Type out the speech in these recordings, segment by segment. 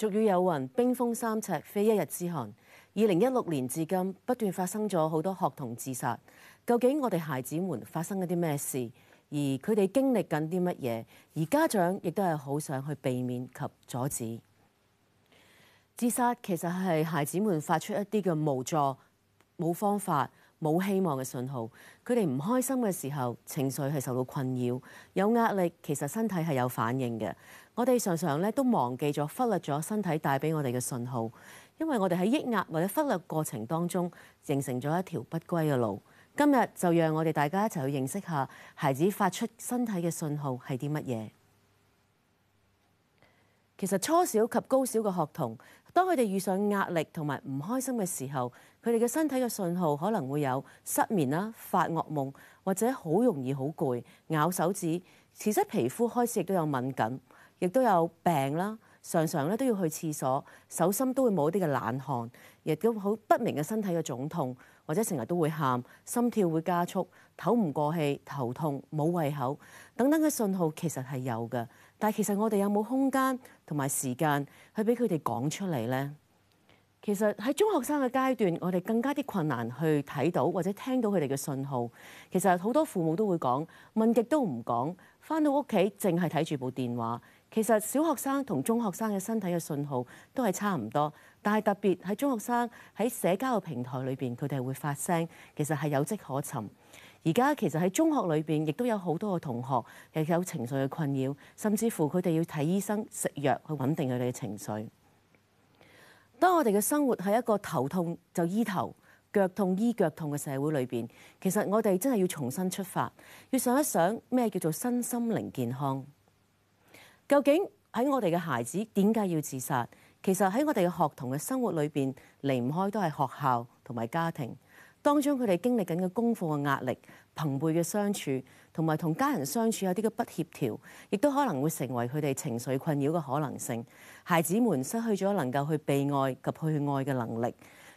俗語有云：冰封三尺非一日之寒。二零一六年至今，不斷發生咗好多學童自殺。究竟我哋孩子們發生咗啲咩事？而佢哋經歷緊啲乜嘢？而家長亦都係好想去避免及阻止。自殺其實係孩子們發出一啲嘅無助、冇方法。冇希望嘅信號，佢哋唔開心嘅時候，情緒係受到困擾，有壓力，其實身體係有反應嘅。我哋常常咧都忘記咗，忽略咗身體帶俾我哋嘅信號，因為我哋喺抑壓或者忽略過程當中，形成咗一條不歸嘅路。今日就讓我哋大家一齊去認識下孩子發出身體嘅信號係啲乜嘢。其實初小及高小嘅學童，當佢哋遇上壓力同埋唔開心嘅時候，佢哋嘅身體嘅信號可能會有失眠啦、發噩夢，或者好容易好攰、咬手指。其實皮膚開始亦都有敏感，亦都有病啦。常常咧都要去廁所，手心都會冇一啲嘅冷汗，亦都好不明嘅身體嘅腫痛，或者成日都會喊，心跳會加速，唞唔過氣，頭痛，冇胃口，等等嘅信號其實係有嘅，但係其實我哋有冇空間同埋時間去俾佢哋講出嚟呢？其實喺中學生嘅階段，我哋更加啲困難去睇到或者聽到佢哋嘅信號。其實好多父母都會講，問極都唔講，返到屋企淨係睇住部電話。其實小學生同中學生嘅身體嘅信號都係差唔多，但係特別喺中學生喺社交嘅平台裏面，佢哋係會發聲，其實係有跡可尋。而家其實喺中學裏面，亦都有好多嘅同學係有情緒嘅困擾，甚至乎佢哋要睇醫生、食藥去穩定佢哋嘅情緒。當我哋嘅生活喺一個頭痛就醫頭、腳痛醫腳痛嘅社會裏面，其實我哋真係要重新出發，要想一想咩叫做身心靈健康。究竟喺我哋嘅孩子點解要自殺？其實喺我哋嘅學童嘅生活裏邊，離唔開都係學校同埋家庭。當中佢哋經歷緊嘅功課嘅壓力、朋輩嘅相處同埋同家人相處有啲嘅不協調，亦都可能會成為佢哋情緒困擾嘅可能性。孩子們失去咗能夠去被愛及去愛嘅能力，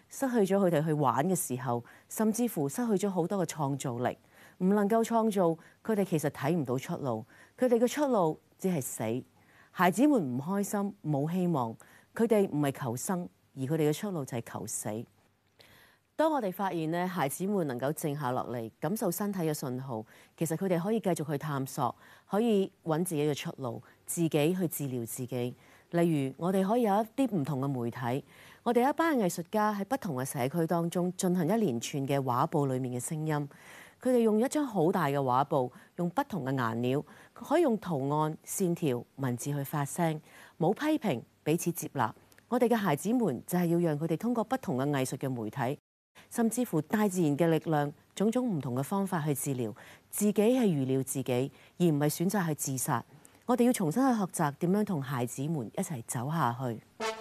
失去咗佢哋去玩嘅時候，甚至乎失去咗好多嘅創造力，唔能夠創造，佢哋其實睇唔到出路，佢哋嘅出路。只係死，孩子們唔開心，冇希望。佢哋唔係求生，而佢哋嘅出路就係求死。當我哋發現咧，孩子們能夠靜下落嚟，感受身體嘅信號，其實佢哋可以繼續去探索，可以揾自己嘅出路，自己去治療自己。例如，我哋可以有一啲唔同嘅媒體，我哋一班藝術家喺不同嘅社區當中進行一連串嘅畫布裏面嘅聲音。佢哋用一張好大嘅畫布，用不同嘅顏料，可以用圖案、線條、文字去發聲，冇批評，彼此接納。我哋嘅孩子們就係要讓佢哋通過不同嘅藝術嘅媒體，甚至乎大自然嘅力量，種種唔同嘅方法去治療自己，係預料自己，而唔係選擇去自殺。我哋要重新去學習點樣同孩子們一齊走下去。